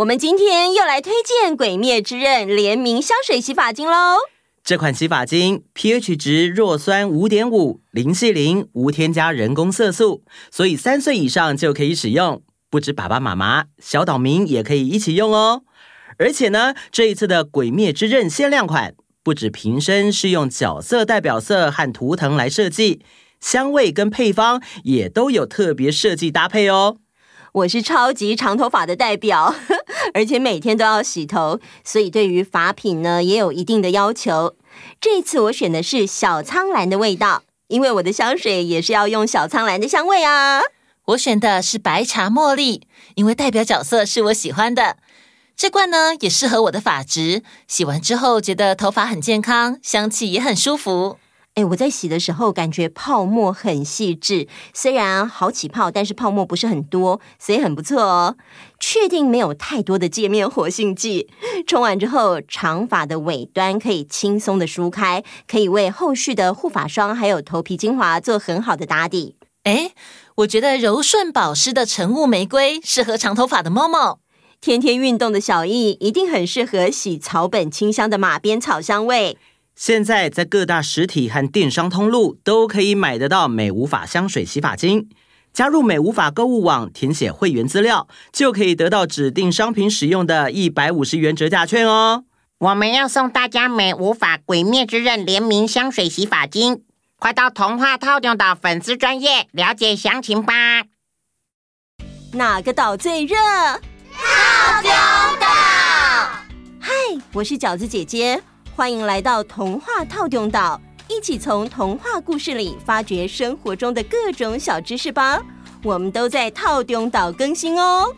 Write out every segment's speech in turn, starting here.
我們今天又來推薦《鬼滅之刃》聯名香水洗髮精嘍！這款洗髮精 pH 值弱酸五點五，零矽靈，無添加人工色素，所以三歲以上就可以使用。不止爸爸媽媽，小島民也可以一起用哦。而且呢，這一次的《鬼滅之刃》限量款，不止瓶身是用角色代表色和圖騰來設計，香味跟配方也都有特別設計搭配哦。我是超級長頭髮的代表呵，而且每天都要洗頭，所以對於髮品呢也有一定的要求。這次我選的是小蒼蘭的味道，因為我的香水也是要用小蒼蘭的香味啊。我選的是白茶茉莉，因為代表角色是我喜歡的。這罐呢也適合我的髮質，洗完之後覺得頭髮很健康，香氣也很舒服。哎，我在洗的時候感覺泡沫很細緻，雖然、啊、好起泡，但是泡沫不是很多，所以很不錯哦。確定沒有太多的界面活性劑。沖完之後，長髮的尾端可以輕鬆的梳開，可以為後續的護髮霜還有頭皮精華做很好的打底。哎，我覺得柔順保濕的晨霧玫瑰適合長頭髮的貓貓。天天運動的小易一定很適合洗草本清香的馬鞭草香味。現在在各大實體和電商通路都可以買得到美吾髮香水洗髮精。加入美吾髮購物網，填寫會員資料，就可以得到指定商品使用的一百五十元折價券哦。我們要送大家美吾髮鬼滅之刃聯名香水洗髮精，快到童話套用的粉絲專頁了解詳情吧。哪個島最熱？套中島。嗨，我是餃子姐姐。歡迎來到童話套丟島，一起從童話故事裡發掘生活中的各種小知識吧！我們都在套丟島更新哦。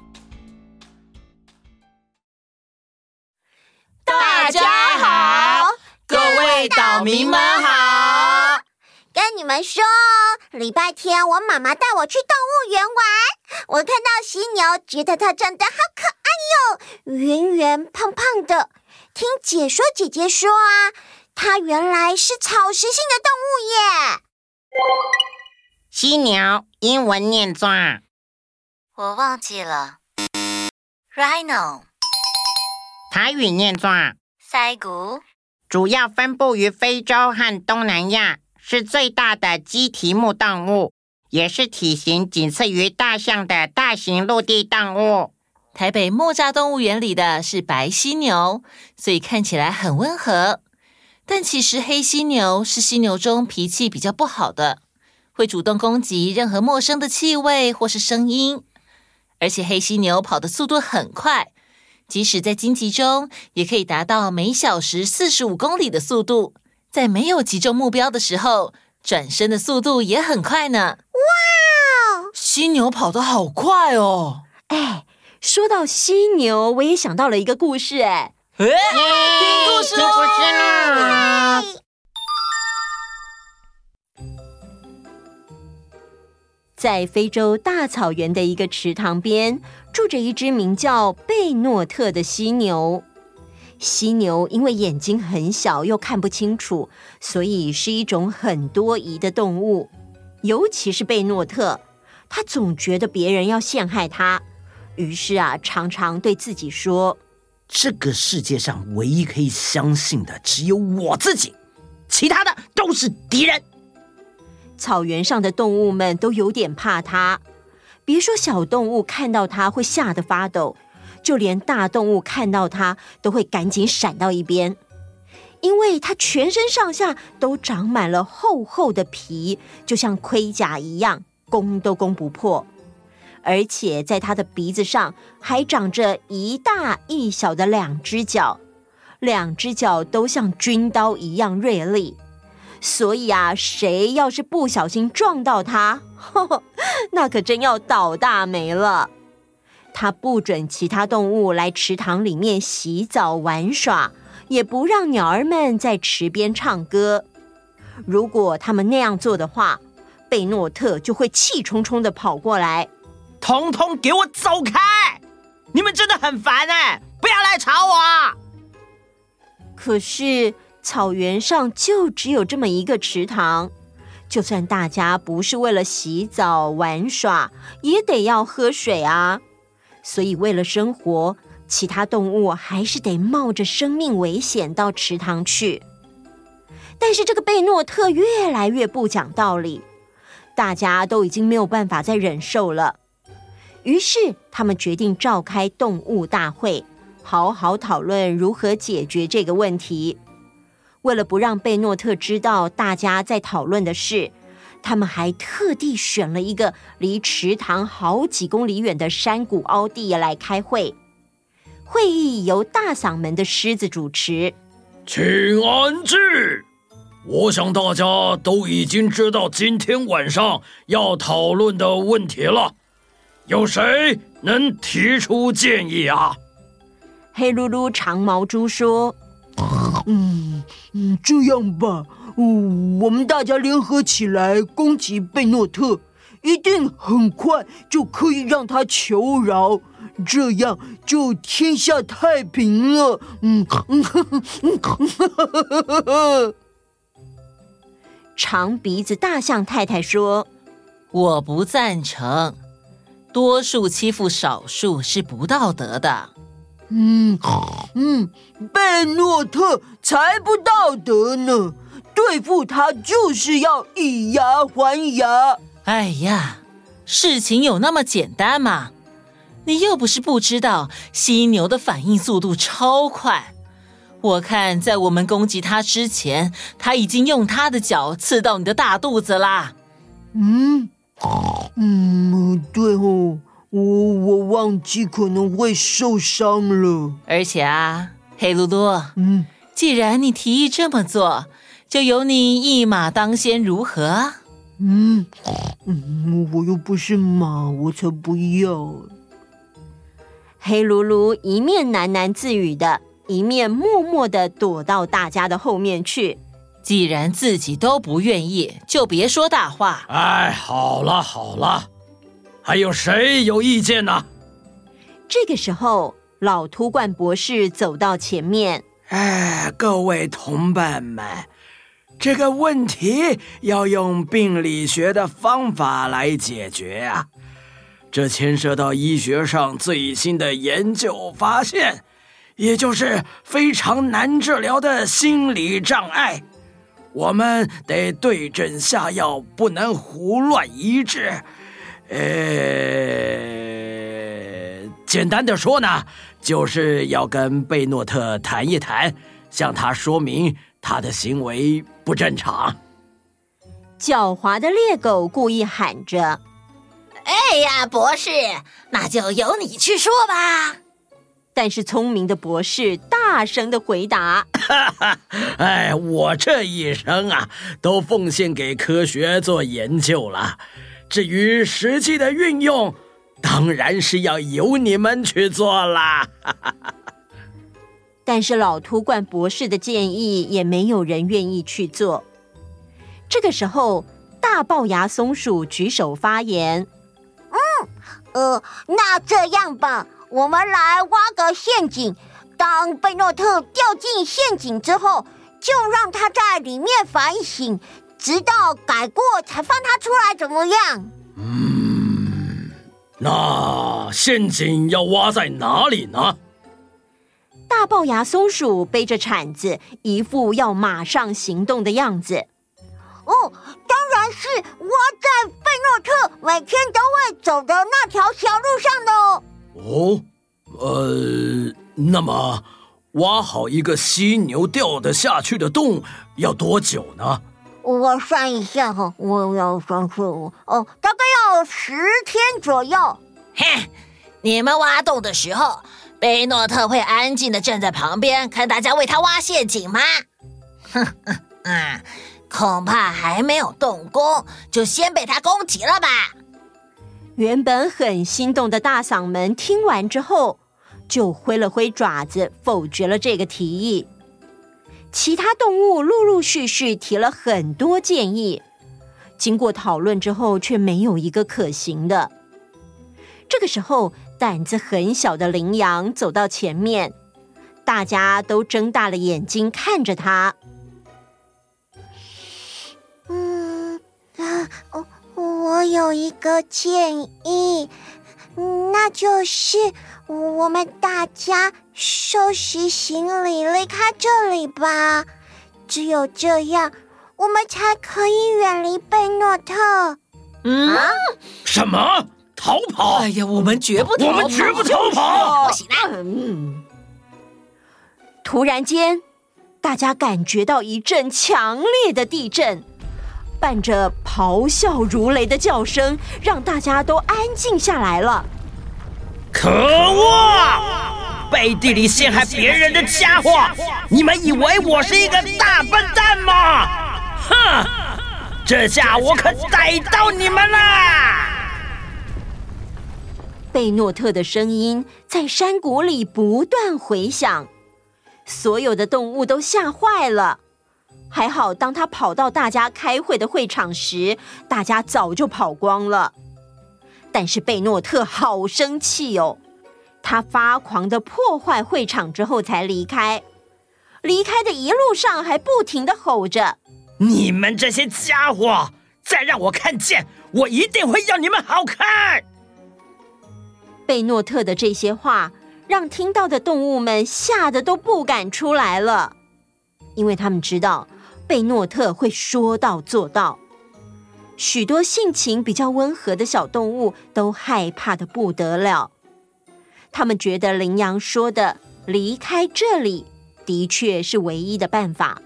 大家好，各位島民們好。跟你們說，禮拜天我媽媽帶我去動物園玩，我看到犀牛，覺得它長得好可愛喲，圓圓胖胖的。聽解說姐姐說啊，它原來是草食性的動物耶。犀牛，英文念作，我忘記了。Rhino，台語念作，犀牛，塞古，主要分布於非洲和東南亞，是最大的奇蹄目動物，也是體型僅次於大象的大型陸地動物。台北木柵動物園裡的是白犀牛，所以看起來很溫和。但其實黑犀牛是犀牛中脾氣比較不好的，會主動攻擊任何陌生的氣味或是聲音。而且黑犀牛跑的速度很快，即使在荊棘中也可以達到每小時四十五公里的速度。在沒有擊中目標的時候，轉身的速度也很快呢。哇！Wow! 犀牛跑得好快哦。哎。說到犀牛，我也想到了一個故事，哎，聽故事哦，Hey. Hey. 在非洲大草原的一個池塘邊，住着一隻名叫貝諾特的犀牛。犀牛因為眼睛很小又看不清楚，所以是一種很多疑的動物。尤其是貝諾特，他總覺得別人要陷害他。於是啊，常常對自己說：“這個世界上唯一可以相信的只有我自己，其他的都是敵人。”草原上的動物們都有點怕他，別說小動物看到他會嚇得發抖，就連大動物看到他都會趕緊閃到一邊，因為他全身上下都長滿了厚厚的皮，就像盔甲一樣，攻都攻不破。而且在他的鼻子上還長着一大一小的兩隻角，兩隻角都像軍刀一樣銳利。所以啊，誰要是不小心撞到他，呵呵，那可真要倒大黴了。他不准其他動物來池塘裡面洗澡玩耍，也不讓鳥兒們在池邊唱歌。如果他們那樣做的話，貝諾特就會氣沖沖地跑過來。統統給我走開！你們真的很煩哎，不要來吵我。可是草原上就只有這麼一個池塘，就算大家不是為了洗澡玩耍，也得要喝水啊。所以為了生活，其他動物還是得冒着生命危險到池塘去。但是這個貝諾特越來越不講道理，大家都已經沒有辦法再忍受了。於是，他們決定召開動物大會，好好討論如何解決這個問題。為了不讓貝諾特知道大家在討論的事，他們還特地選了一個離池塘好幾公里遠的山谷凹地來開會。會議由大嗓門的獅子主持。請安靜！我想大家都已經知道今天晚上要討論的問題了。有誰能提出建議啊？黑嚕嚕長毛豬說：“嗯嗯，這樣吧，我們大家聯合起來攻擊貝諾特，一定很快就可以讓他求饒，這樣就天下太平了。嗯”嗯，哈哈嗯哈哈哈哈。長鼻子大象太太說：“我不贊成。”多數欺負少數是不道德的。嗯嗯，貝諾特才不道德呢！對付他就是要以牙還牙。哎呀，事情有那麼簡單嗎？你又不是不知道，犀牛的反應速度超快。我看，在我們攻擊他之前，他已經用他的角刺到你的大肚子啦。嗯。嗯，對哦，我我忘記可能會受傷了。而且啊，黑魯魯，嗯，既然你提議這麼做，就由你一馬當先，如何？嗯，嗯，我又不是馬，我才不要。黑魯魯一面喃喃自語的，一面默默的躲到大家的後面去。既然自己都不願意，就別說大話。哎，好了好了，還有誰有意見呢？這個時候，老禿鸛博士走到前面。哎，各位同伴們，這個問題要用病理學的方法來解決呀、啊。這牽涉到醫學上最新的研究發現，也就是非常難治療的心理障礙。我們得對症下藥，不能胡亂醫治。呃、哎，簡單的說呢，就是要跟貝諾特談一談，向他說明他的行為不正常。狡猾的獵狗故意喊着：“哎呀，博士，那就由你去說吧。”但是聰明的博士大聲的回答：“哎， 我這一生啊，都奉獻給科學做研究了。至於實際的運用，當然是要由你們去做啦。 ”但是老禿鸛博士的建議也沒有人願意去做。這個時候，大齙牙松鼠舉手發言：“嗯，呃，那這樣吧。”我們來挖個陷阱。當貝諾特掉進陷阱之後，就讓他在裡面反省，直到改過才放他出來，怎麼樣？嗯，那陷阱要挖在哪裡呢？大齙牙松鼠背着鏟子，一副要馬上行動的樣子。哦，當然是挖在貝諾特每天都會走的那條小路上的哦。哦，呃，那麼，挖好一個犀牛掉得下去的洞要多久呢？我算一下哈，我要算算，哦，大概要十天左右。嘿，你們挖洞的時候，貝諾特會安靜的站在旁邊看大家為他挖陷阱嗎？哼哼，啊，恐怕還沒有動工，就先被他攻擊了吧。原本很心動的大嗓門聽完之後，就揮了揮爪子否決了這個提議。其他動物陸陸續續提了很多建議，經過討論之後卻沒有一個可行的。這個時候，膽子很小的羚羊走到前面，大家都睜大了眼睛看着它。我有一個建議，那就是我們大家收拾行李離開這裡吧。只有這樣，我們才可以遠離貝諾特。嗯？啊、什麼？逃跑？哎呀，我們絕我我不逃跑，我們絕不逃跑！不行了。嗯、突然間，大家感覺到一陣強烈的地震。伴着咆哮如雷的叫聲，讓大家都安靜下來了。可惡！背地裡陷害別人的家伙，你們以為我是一個大笨蛋嗎？哼！這下我可逮到你們了！貝諾特的聲音在山谷裡不斷回響，所有的動物都嚇壞了。還好，當他跑到大家開會的會場時，大家早就跑光了。但是貝諾特好生氣哦，他發狂的破壞會場之後才離開，離開的一路上還不停的吼着：“你們這些傢伙，再讓我看見，我一定會要你們好看！”貝諾特的這些話讓聽到的動物們嚇得都不敢出來了，因為他們知道。貝諾特會說到做到，許多性情比較溫和的小動物都害怕得不得了。他們覺得羚羊說的離開這裡的確是唯一的辦法。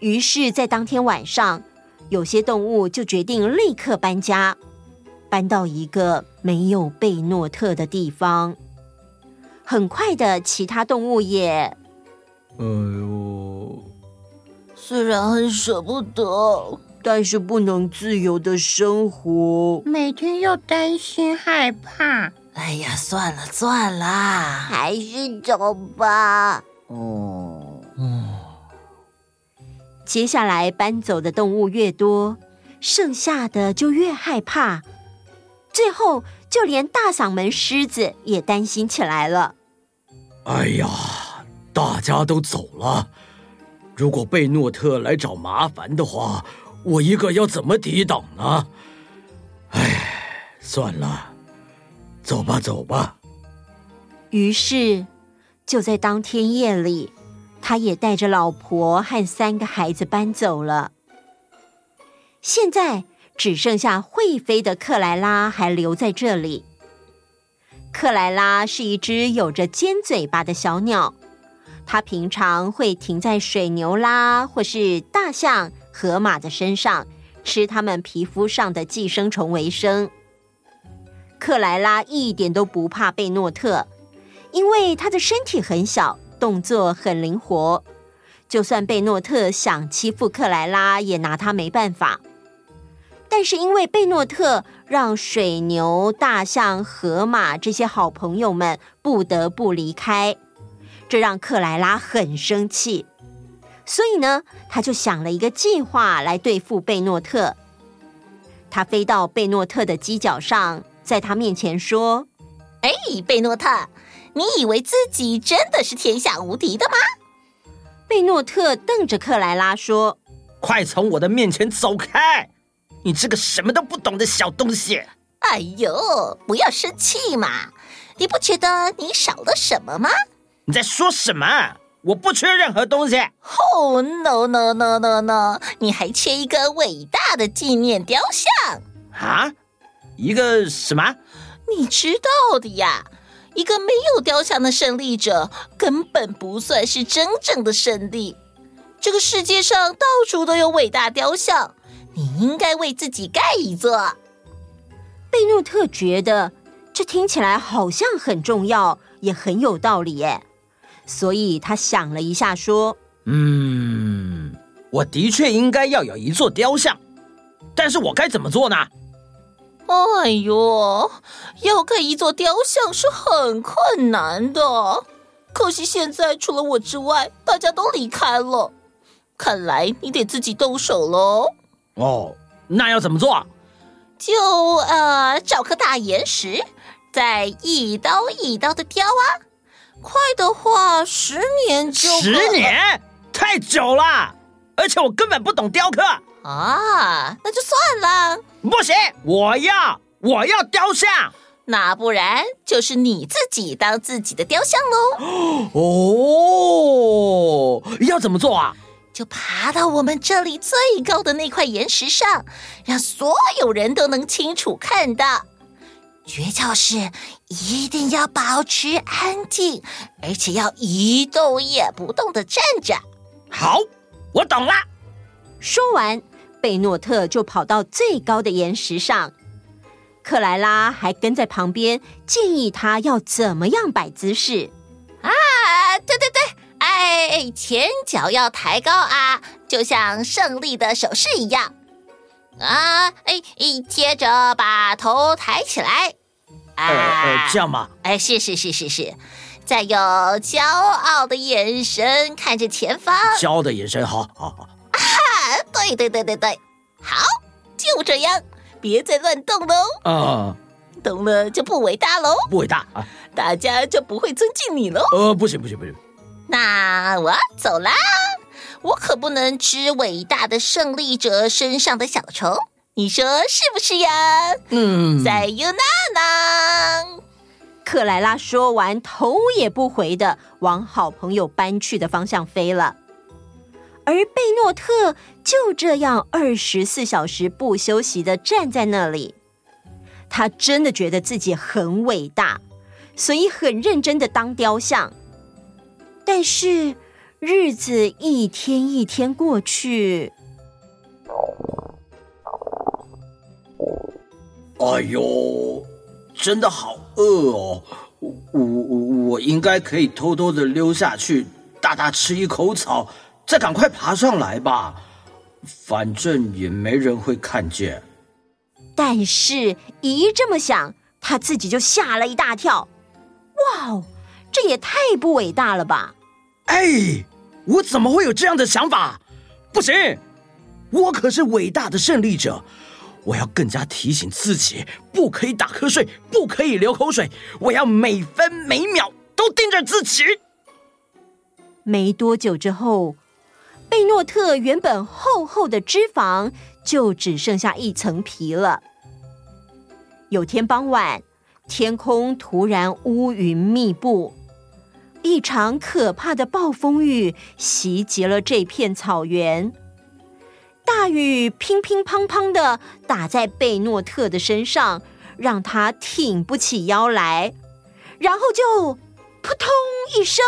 於是，在當天晚上，有些動物就決定立刻搬家，搬到一個沒有貝諾特的地方。很快的，其他動物也……哎呦！雖然很捨不得，但是不能自由的生活，每天又擔心害怕。哎呀，算了算了，還是走吧。哦嗯嗯，接下來搬走的動物越多，剩下的就越害怕，最後就連大嗓門獅子也擔心起來了。哎呀，大家都走了。如果貝諾特來找麻煩的話，我一個要怎麼抵擋呢？哎，算了，走吧，走吧。於是，就在當天夜裡，他也帶着老婆和三個孩子搬走了。現在只剩下會飛的克萊拉還留在這裡。克萊拉是一只有着尖嘴巴的小鳥。它平常會停在水牛啦，或是大象、河馬的身上，吃它們皮膚上的寄生蟲為生。克萊拉一點都不怕貝諾特，因為他的身體很小，動作很靈活，就算貝諾特想欺負克萊拉，也拿他沒辦法。但是因為貝諾特讓水牛、大象、河馬這些好朋友們不得不離開。這讓克萊拉很生氣，所以呢，他就想了一個計劃來對付貝諾特。他飛到貝諾特的犄角上，在他面前說：“誒，貝諾特，你以為自己真的是天下無敵的嗎？”貝諾特瞪着克萊拉說：“快從我的面前走開，你這個什麼都不懂的小東西！”哎呦，不要生氣嘛！你不覺得你少了什麼嗎？你在說什麼？我不缺任何東西。哦、oh, no no no no no！你還缺一個偉大的紀念雕像啊？一個什麼？你知道的呀，一個沒有雕像的勝利者根本不算是真正的勝利。這個世界上到處都有偉大雕像，你應該為自己蓋一座。貝諾特覺得這聽起來好像很重要，也很有道理。耶。所以他想了一下，說：“嗯，我的確應該要有一座雕像，但是我該怎麼做呢？”“哎呦，要刻一座雕像是很困難的，可惜現在除了我之外，大家都離開了，看來你得自己動手嘍。”“哦，那要怎麼做？就啊、呃，找顆大岩石，再一刀一刀的雕啊。”快的話，十年。就十年？太久了。而且我根本不懂雕刻啊，那就算了。不行，我要我要雕像。那不然就是你自己當自己的雕像嘍。哦，要怎麼做啊？就爬到我們這裡最高的那塊岩石上，讓所有人都能清楚看到。訣竅就是。一定要保持安靜，而且要一動也不動的站着。好，我懂了。說完，貝諾特就跑到最高的岩石上，克萊拉還跟在旁邊建議他要怎麼樣擺姿勢。啊，對對對，哎，前腳要抬高啊，就像勝利的手勢一樣。啊，哎，接着把頭抬起來。呃，呃，這樣吧，哎、呃，是是是是是，再用驕傲的眼神看着前方，驕傲的眼神，好，好，好，啊，對對對對對，好，就這樣，別再亂動嘍，啊、嗯，動了就不偉大嘍，不偉大啊，大家就不會尊敬你嘍，呃，不行不行不行，不行那我走啦，我可不能吃偉大的勝利者身上的小蟲。你說是不是呀？嗯。莎喲娜啦。克萊拉說完，頭也不回的往好朋友搬去的方向飛了。而貝諾特就這樣二十四小時不休息的站在那裡，他真的覺得自己很偉大，所以很認真的當雕像。但是日子一天一天過去。哎呦，真的好餓哦！我我我應該可以偷偷的溜下去，大大吃一口草，再趕快爬上來吧。反正也沒人會看見。但是一這麼想，他自己就嚇了一大跳。哇哦，這也太不偉大了吧！哎，我怎麼會有這樣的想法？不行，我可是偉大的勝利者。我要更加提醒自己，不可以打瞌睡，不可以流口水。我要每分每秒都盯着自己。沒多久之後，貝諾特原本厚厚的脂肪就只剩下一層皮了。有天傍晚，天空突然烏雲密佈，一場可怕的暴風雨襲擊了這片草原。大雨乒乒乓乓的打在貝諾特的身上，讓他挺不起腰來。然後就撲通一聲，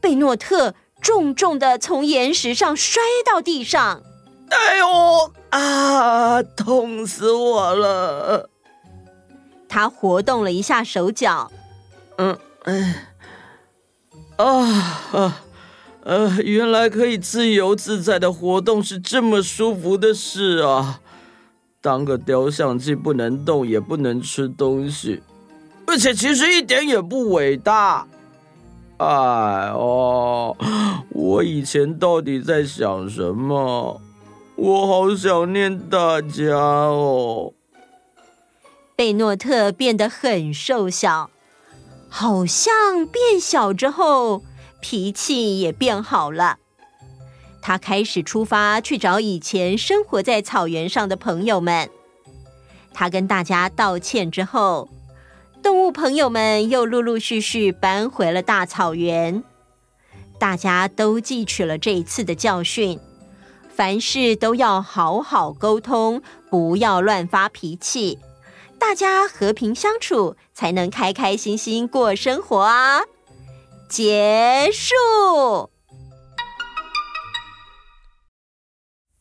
貝諾特重重的從岩石上摔到地上。哎呦啊，痛死我了！他活動了一下手腳，嗯嗯，啊啊。啊呃，原來可以自由自在的活動是這麼舒服的事啊！當個雕像，既不能動，也不能吃東西，而且其實一點也不偉大。哎喲，我以前到底在想什麼？我好想念大家哦。貝諾特變得很瘦小，好像變小之後。脾氣也變好了，他開始出發去找以前生活在草原上的朋友們。他跟大家道歉之後，動物朋友們又陸陸續續搬回了大草原。大家都汲取了這一次的教訓，凡事都要好好溝通，不要亂發脾氣。大家和平相處，才能開開心心過生活啊！結束。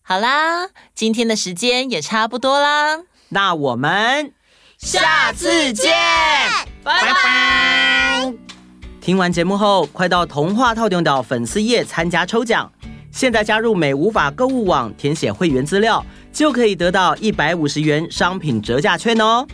好啦，今天的時間也差不多啦，那我們下次見，拜拜。拜拜。聽完節目後，快到童話島嶼的粉絲頁參加抽獎。現在加入美吾髮購物網，填寫會員資料，就可以得到一百五十元商品折價券哦。